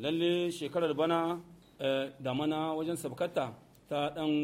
En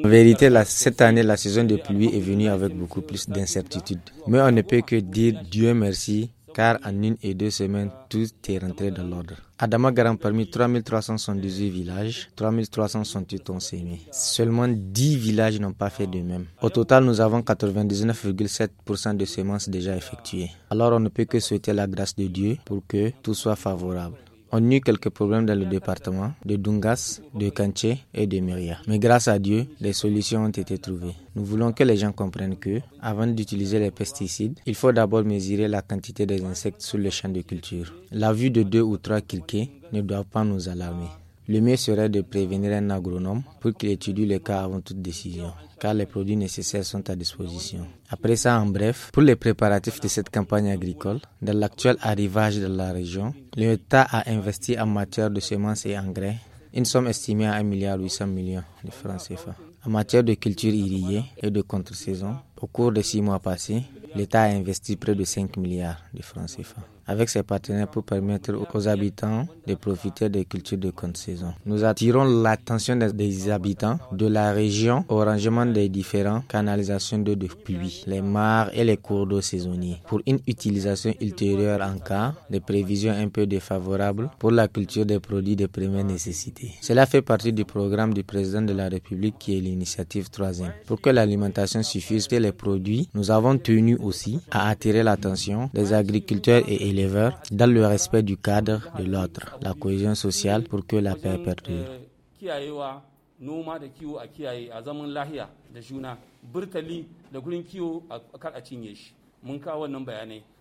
vérité, cette année, la saison de pluie est venue avec beaucoup plus d'incertitudes. Mais on ne peut que dire Dieu merci, car en une et deux semaines, tout est rentré dans l'ordre. Adama garant parmi 3378 villages, 3368 ont sémé. Seulement 10 villages n'ont pas fait de même. Au total, nous avons 99,7% de semences déjà effectuées. Alors on ne peut que souhaiter la grâce de Dieu pour que tout soit favorable. On eut quelques problèmes dans le département de Dungas, de Kanché et de Myria. Mais grâce à Dieu, des solutions ont été trouvées. Nous voulons que les gens comprennent que, avant d'utiliser les pesticides, il faut d'abord mesurer la quantité des insectes sur le champ de culture. La vue de deux ou trois kilkés ne doit pas nous alarmer. Le mieux serait de prévenir un agronome pour qu'il étudie le cas avant toute décision, car les produits nécessaires sont à disposition. Après ça, en bref, pour les préparatifs de cette campagne agricole, dans l'actuel arrivage de la région, l'État a investi en matière de semences et engrais une somme estimée à 1,8 milliard de francs CFA. En matière de culture irriguée et de contre-saison, au cours des six mois passés, l'État a investi près de 5 milliards de francs CFA avec ses partenaires pour permettre aux habitants de profiter des cultures de compte saison. Nous attirons l'attention des, habitants de la région au rangement des différents canalisations d'eau de pluie, les mares et les cours d'eau saisonniers pour une utilisation ultérieure en cas de prévisions un peu défavorables pour la culture des produits de première nécessité. Cela fait partie du programme du président de la République qui est l'initiative 3e. Pour que l'alimentation suffise et les produits, nous avons tenu aussi à attirer l'attention des agriculteurs et dans le respect du cadre de l'ordre, la cohésion sociale pour que la paix perdure.